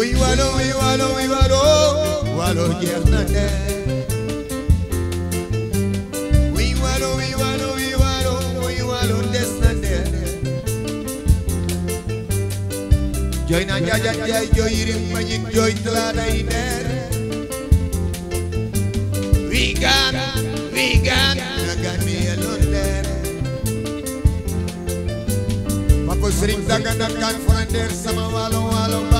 Wiwaro, wiwaro, wiwaro, waro yernane. Wiwaro, wiwaro, wiwaro, wiwaro desnane. Joy na ja ja ja, joy irim majik, joy tlada iner. Vegan, vegan, nagani alonder. Papa sering daga daga founder sama walau walau.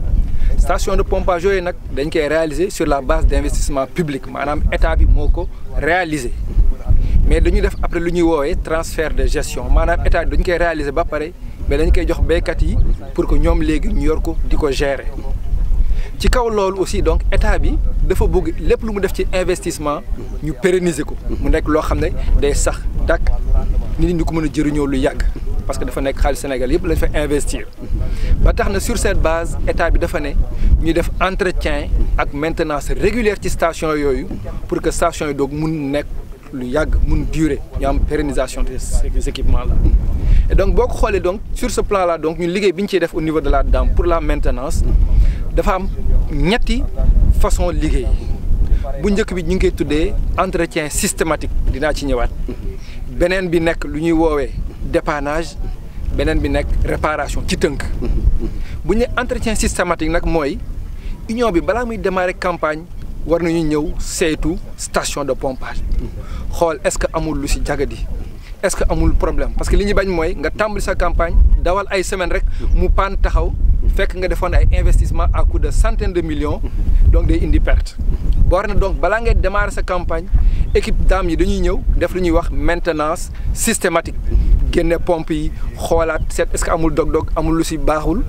station de pompage yooyu nag dañ koy réaliser sur la base d' investissement public maanaam état bi moo ko réaliser mais dañuy def après lu ñuy woowee transfert de gestion maanaam état bi dañ koy réaliser ba pare mais dañ koy jox béykat yi pour que ñoom léegi ñu yor ko di ko gérer ci kaw loolu aussi donc état bi dafa bëgg lépp lu mu def ci investissement ñu pérenniser ko mu nekk loo xam ne day sax dàkk nit ñi ko mën a jëriñoo lu yàgg parce que dafa nekk xaalis Sénégal yépp lañ fa investir ba taxna sur cette base état bi dafa ne ñu def entretien ak maintenance régulière ci station yoyu pour que station yi doog mun nekk lu yag mun durer ñu am pérennisation de ces équipements là. et donc boo ko donc sur ce plan là donc ñu liggéey biñ ci def au niveau de la dame pour la maintenance dafa am ñetti façon liggéey bu ñëk bi ñu ngi koy tuddee entretien systématique dina ci ñëwaat benen bi nek lu ñuy wowe dépannage benen bi nak réparation ci tënk bu ñu entretien systématique nag moy union bi bala muy démarrer campagne war nañu ñëw saytu station de pompage Hol est-ce que amul lu si jagadi est-ce que amul problème parce que li ñu bañ moy nga tambali sa campagne dawal ay semaine rek mu paan taxaw fekk nga defoon ay investissement à coût de centaines de millions donc des indi perte boor na donc bala ngay démarrer sa campagne équipe dames yi dañuy ñëw def lu ñuy wax maintenance systématique génne pompe yi xolat seet est-ce que amul dog-dog amul lu ci baxul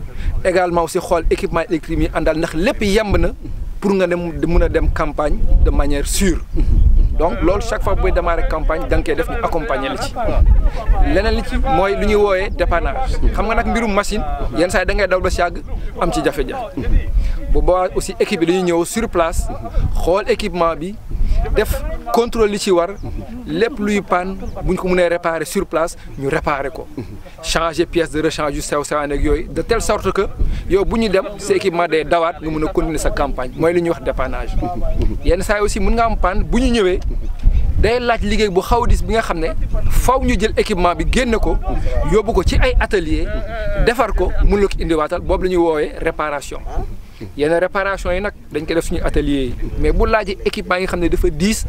également aussi xol équipement électrique mi andal nak lepp yemb na pour nga dem mën dem campagne de manière sûre donc loolu chaque fois buy démarrer campagne dang nga def ni accompagner la ci leneen li ci mooy lu ñuy wooyee dépannage xam nga nak mbirum machine yeen say yi da ngay daw ba si am ci jafé jafe bu bo aussi équipe bi dañuy ñëw sur place xol équipement bi def contrôle li ci war lepp luy panne buñ ko mëne réparer sur place ñu réparer ko changer pièce de rechange yu sew sewaan ak yoy de telle sorte que yow buñu dem sa équipement des dawat nga mëna continuer sa campagne moy li ñu wax dépannage yenn say aussi mën nga am panne buñu ñëwé day laaj liggéey bu xaw dis bi nga xamné ne faw ñu jël équipement bi génné ko yobbu ko ci ay atelier defar ko mën ko indi watal la ñuy woowee réparation yenn réparation yi nag dañ ko def suñu atelier yi mais bu laajee équipement yi nga xam ne dafa 10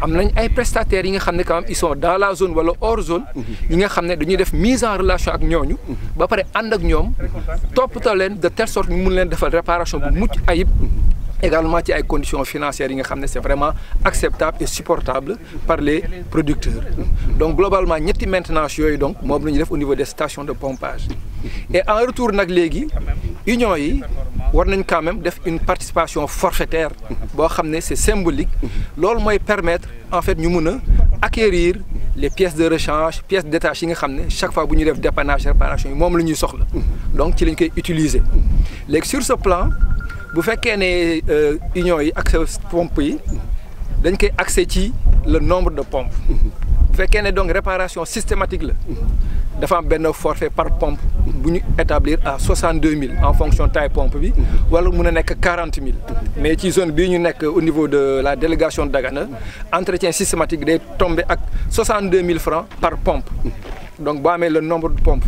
am nañ ay prestataires yi nga xam ne quand même ils sont dans la zone wala hors zone yi nga xam ne dañuy def mise en relation ak ñooñu ba pare ànd ak ñoom toppatoo leen de telle sorte ñu mun leen defal réparation bu mucc ayib également ci ay conditions financières yi nga xam ne c'est vraiment acceptable et supportable par les producteurs donc globalement ñetti maintenance yooyu donc moom la ñu def au niveau des stations de pompage et en retour nag léegi union yi on quand même une participation forfaitaire c'est symbolique Cela mooy permettre en fait acquérir les pièces de rechange les pièces de chaque fois bu nous def dépannage réparation C'est ce la ñuy donc ci lañ koy sur ce plan bu fait une euh, union yi accès pompe yi dañ accès le nombre de pompes bu fekkee ne donc réparation systématique la dafa am un forfait par pompe établir à 62 000 en fonction de la taille pompe, la pompe ou avons 40 000. Mais zone nous au niveau de la délégation de Dagana, entretien systématique est tombé à 62 000 francs par pompe. Donc, mais le nombre de pompes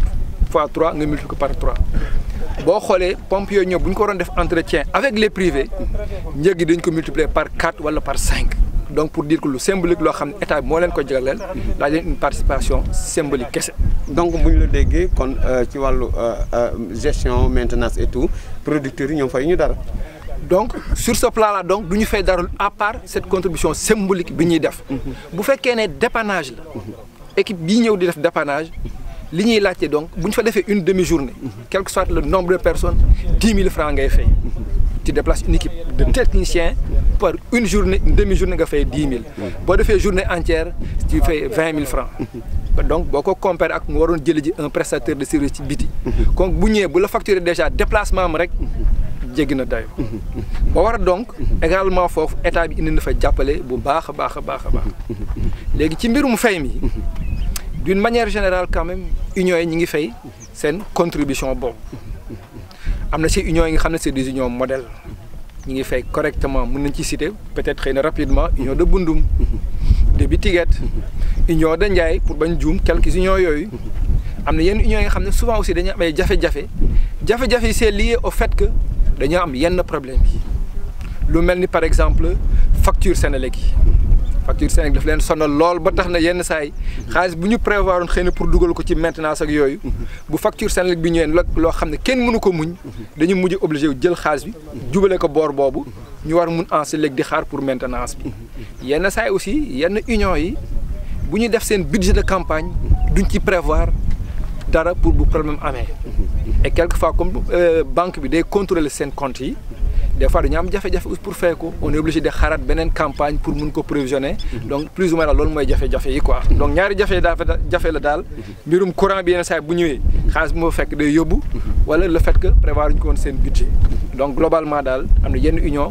fois 3, nous multiplions par 3. Bon, les pompiers, nous avons entretien avec les privés, nous avons multiplié par 4 ou par 5. Donc, pour dire que le symbolique, l'État est moins que le une participation symbolique donc si la déggee kon euh, euh, euh, gestion maintenance et tout producteurs fay donc sur ce plan là donc duñu fay à part cette contribution symbolique bi ñuy def. Mhm. bu dépannage la. Mhm. équipe bi dépannage. li ñuy donc une demi journée. Mhm. quel que soit le nombre de personnes 10 000 francs ngay fay. tu déplaces une équipe de techniciens pour une journée une demi journée nga fay dix mille. boo une journée entière tu fais 20 000 francs donc boo ko compare ak nous waroon jële ji un prestataire de service ci biti kon bu ñëwee bu la facturer déjà déplacement am rek jéggi na dayo ba war donc également fofu état bi indi na fa jappalé bu baax a baax ba légui ci mbirum fay mi d'une manière générale quand même Union yi ñi ngi fay sen contribution bon. amna ci union yi nga c'est des unions modèle. ñi ngi fay correctement mën nañ ci citer peut-être rapidement union de Bundum de Bitiguet union de Ndiaye pour bañ juum quelques unions yoy am na yenn unions yi nga souvent aussi dañu am ay jafé jafé jafé jafé c'est lié au fait que dañoo am yenn problème yi lu mel ni par exemple facture Sénélec facture Sénélec daf leen sonal lool ba tax na yenn saa yi xaalis bu ñu prévoir xëy na pour dugal ko ci maintenance ak yoy bu facture Sénélec bi ñëwee loo xam ne kenn mënu ko muñ dañu mujj obligé wu jël xaalis bi jubale ko boor boobu ñu war mun ansi léegi di xaar pour maintenance bi yenn saa yi aussi yenn union yi bu ñuy def un budget de campagne duñ ci prévoir dara pour bu problème amé. et quelquefois comme euh, banque bi day contrôler seen compte des fois dañu am jafe-jafe pour faire quoi on est obligé de xaaraat une campagne pour mun ko provisionner donc plus ou moins loolu mooy jafe-jafe yi quoi donc ñaari jafe fait jafe la daal mbirum courant bi yenn saa bu ñëwee xaalis bi moo fekk day wala le fait que prévoir ñu ko woon budget donc globalement daal am na yenn union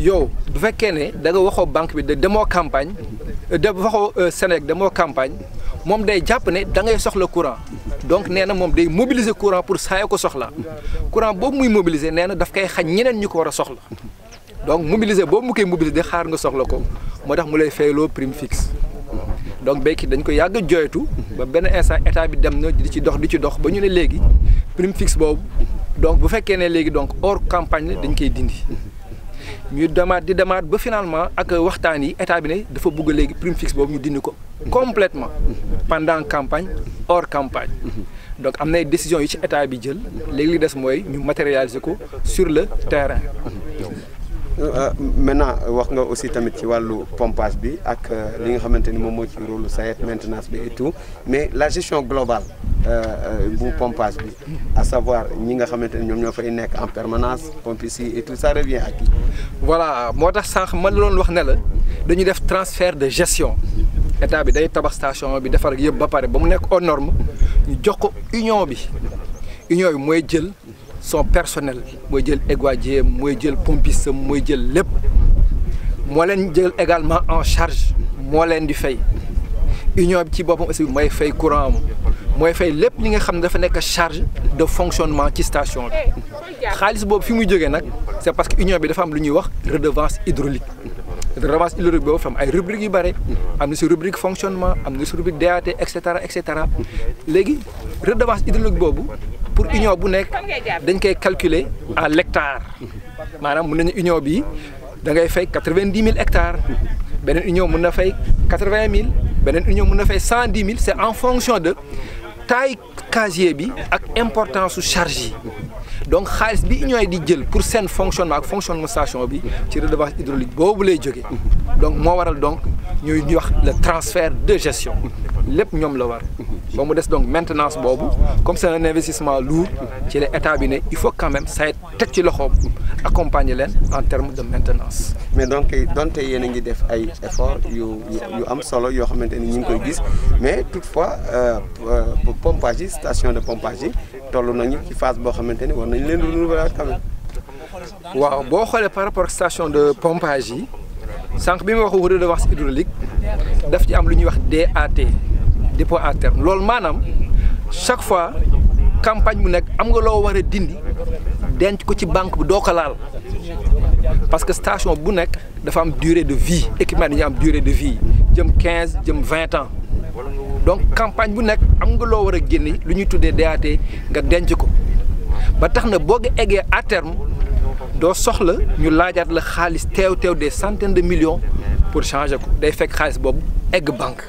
yo bu fekkee ne da nga waxo banque bi de demoo campagne de waxo euh, Sénégal demoo campagne mom day japp ne da ngay soxla courant donc néna mom day mobiliser courant pour saa ko soxla courant boobu muy mobiliser néna daf kay xagn ñeneen ñuko wara soxla donc mobiliser boobu mu koy mobiliser di xaar nga soxla ko motax tax mu lay fayloo prime fixe donc béykat dañ ko yàgg jooytu ba benn instant état bi dem na di ci dox di ci dox ba ñu ne léegi prime fixe boobu donc bu fekkee ne léegi donc hors campagne la dañ koy dindi ñuy demaat di demaat ba finalement ak waxtaan yi état bi ne dafa bugg léegi prime fixe nous ñu dindi ko. complètement pendant campagne hors campagne. donc am na ay décisions yu ci état bi jël léegi li des ñu matérialiser ko sur le terrain. Euh, maintenant wax nga aussi tamit ci walu pompage bi ak euh, li nga xamanteni mom mo ci rôle SAED maintenance bi et tout mais la gestion globale euh, bu pompage bi à savoir ñi nga xamanteni ñom ñoom ñoo fay nekk en permanence pompici et tout ça revient à qui voilà motax sax sànq man la doon wax ne la dañu def transfert de gestion état bi day tabax station bi defar yeb ba paré ba mu nekk aux normes ñu jox ko union bi union bi moy jël son personnel moy jël égoadier moy jël pompiste moy jël lépp mo len jël également en charge mo len di fay union ci bopam aussi moy fay courant am mooy fay lépp li nga xam ne dafa nek charge de fonctionnement ci station khalis bop fi muy jógee nak c'est parce que union bi dafa am lu ñuy wax redevance hydraulique redevance hydraulique boobu dafa am ay rubrique yu bëri am na rubrique fonctionnement am na si rubrique DAT etc etc légui redevance hydraulique bobu pour union bu nek calcule calculer à l'hectare manam mën union bi da ngay 90 000 hectares benen union mën na 80 000 benen union mën na 110 000 c'est en fonction de taille casier bi ak importance charge donc xaliss bi union di jël pour sen fonctionnement ak fonctionnement station bi ci bas hydraulique bobu lay joggé donc mo waral donc wax le transfert de gestion lepp ñom la war ba mu donc maintenance boobu comme c'est un investissement lourd chez les états il faut quand même SAED teg ci loxoom accompagner leen en terme de maintenance. mais donc donte yéen a ngi def ay effort yu yu am solo yo xamante ñing koy gis mais toutefois euh, euh, pompage station de pompage yi nañu ci phase bo xamante war nañ leen renouveler quand même. waaw bo xolé par rapport ak station de pompage yi sànq bi ma wax redevance hydraulique daf ci am lu ñuy wax DAT dépôt à terme Lol manam, chaque fois campagne bu nekk am nga dindi dent ko ci banque bu doo parce que station bu nekk dafa am durée de vie équipement dañuy am durée de vie jëm quinze jëm vingt ans donc campagne bu nekk am nga loo war a génne lu DAT nga dent ko ba tax na à terme doo soxla ñu laajaat la xaalis teew teew des centaines de millions pour changer ko day fekk xaalis bob egg banque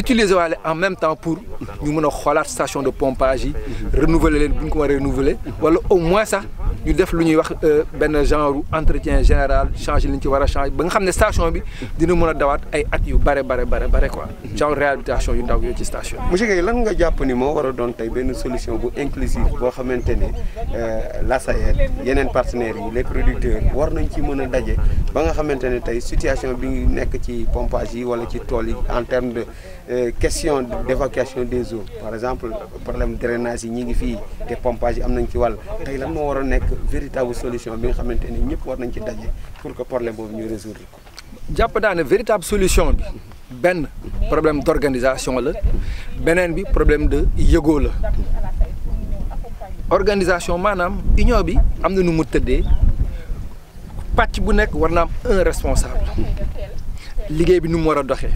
utiliser en même temps pour nous montrer la station de pompage renouveler les bu renouveler au moins ça ñu def lu ñuy wax ben genre entretien général changer liñ ci wara a changer ba nga xamné station bi dina mëna dawat ay at yu bare bare bare bare quoi genre réhabilitation yu ndaw yu ci station monsieur gay lan nga japp ni mo wara don tay ben solution bu inclusive bo xamantene euh la SAED yenen partenaires yi les producteurs war nañ ci mëna dajé ba nga xamantene tay situation bi ngi nekk ci pompage yi wala ci tool yi en terme de euh, question d'évacuation des eaux par exemple problème drainage yi ñi ngi fi des pompage amnañ ci wal tay lan mo wara nek véritable solution bi nga xamante ni ñëpp war nañ ci daje pour que problème boobu ñu résoudre ko. jàpp naa véritable solution bi benn problème d'organisation la beneen bi problème de yëgoo la organisation maanaam union bi am na nu mu tëddee pàcc bu nekk war na am un responsable liggéey bi nu mu war a doxee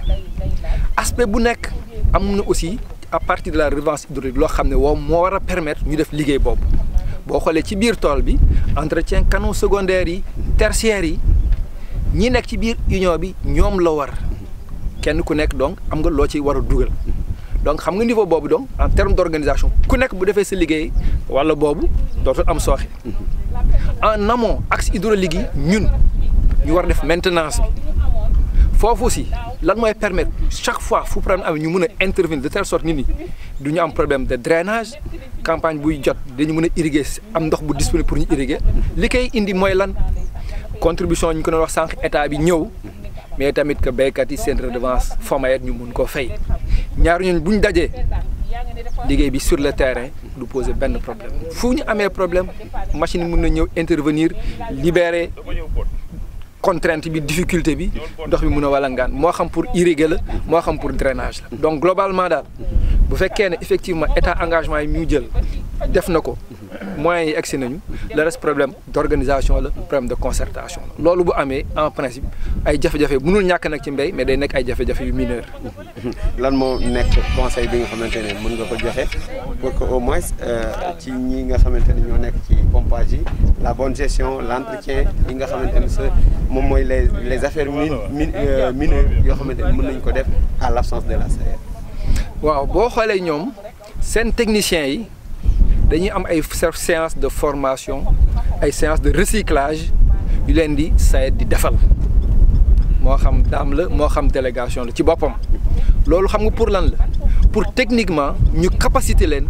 aspect bu nekk am na aussi à partir de la redevance hydraulique loo xam ne woo moo war a permettre ñu def liggéey boobu ci biir bi entretien canaux secondaires yi tertiaires yi ñi ci biir union bi la war donc am nga ci donc niveau donc en termes d'organisation, ku nek bu wala en amont axe hydraulique ñun ñu maintenance aussi permettre chaque fois fu prendre un intervenir de telle sorte que problème de drainage campagne buy jot dañu mun a irriguer am ndox bu disponible pour ñu irriguer li koy indi mooy lan contribution ñu ko doon wax sànq état bi ñëw mais tamit que béykat yi seen redevance FOMAET ñu mun koo fay ñaar ñooñu bu ñu dajee liggéey bi sur le terrain du poser benn problème fu ñu amee problème machine mun na ñëw intervenir libérer contrainte bi difficulté bi ndox bi mun a Moi moo xam pour irriguer moi moo xam pour drainage donc globalement daal bu fekkee effectivement état engagement yi mu def moyens yi egsi nañu le reste problème d'organisation le problème de concertation lolu bu amé en principe ay jafé jafé mënul ñak nak ci mbéy mais day nekk ay jafé jafé yu mineur lan mo nekk conseil bi nga xamantene ne mën nga ko joxé pour que au moins euh, ci ñi nga xamantene ne ñoo nekk ci pompage yi la bonne gestion l'entretien yi nga xamantene ce mom moy les les affaires mi euh, mine, yoo xamante ne mën nañ ko def à l'absence de la SAER waaw bo xolé ñom sen technicien yi dañuy am ay séance de formation ay séance de recyclage yu leen di SAED di defal moo xam dam la moo xam délégation la ci boppam loolu xam nga pour lan la pour techniquement ñu capacité leen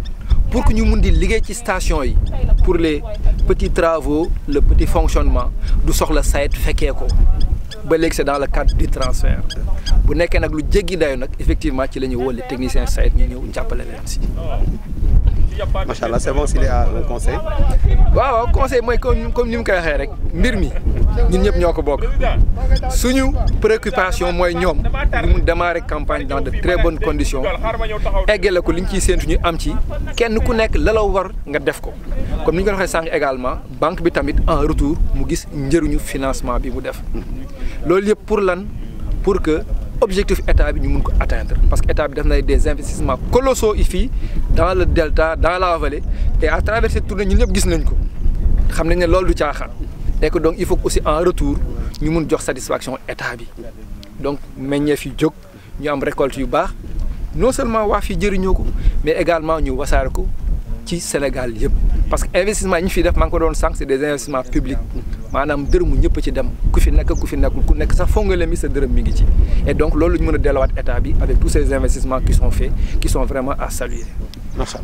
pour que ñu mun di liggéey ci station yi pour les petits travaux le petit fonctionnement du soxla SAED fekkee ko ba léegi c'est dans le cadre du transfert bu nekkee nag lu jéggi dayo nag effectivement ci la ñuy woo les techniciens SAED ñu ñëw jàppale leen si Mashallah, c'est bon s'il est au un conseil. Waouh, conseil moi comme comme ni mu koy waxee rek mbir mi ñun ñëpp suñu préoccupation mooy ñoom démarrer campagne dans de très bonnes conditions eggale ko li ñu ciy séentu ñu am ci kenn ku nekk la la war nga def ko. comme nous ñu ko waxee sànq également banque bi tamit en retour mu gis njëriñu financement bi mu def loolu pour lan pour que objectif état bi ñu atteindre parce que état bi des investissements colossaux ici dans le delta dans la vallée et à travers tout tournée ñun ñëpp gis nañ ko xam nañ donc il faut aussi en retour ñu satisfaction état bi donc nous fi jóg ñu récolte non seulement nous mais également ñu ci Sénégal yépp parce que investissement yi fi def maa ko doon sànq c'est des investissements publics maanaam dërëmu ñëpp ci dem ku fi nekk ku fi nekkul ku nekk sax foog nga sa dërëm mi ngi ci et donc loolu la ñu mën a delluwaat état bi avec tous ces investissements qui sont faits qui sont vraiment à saluer. macha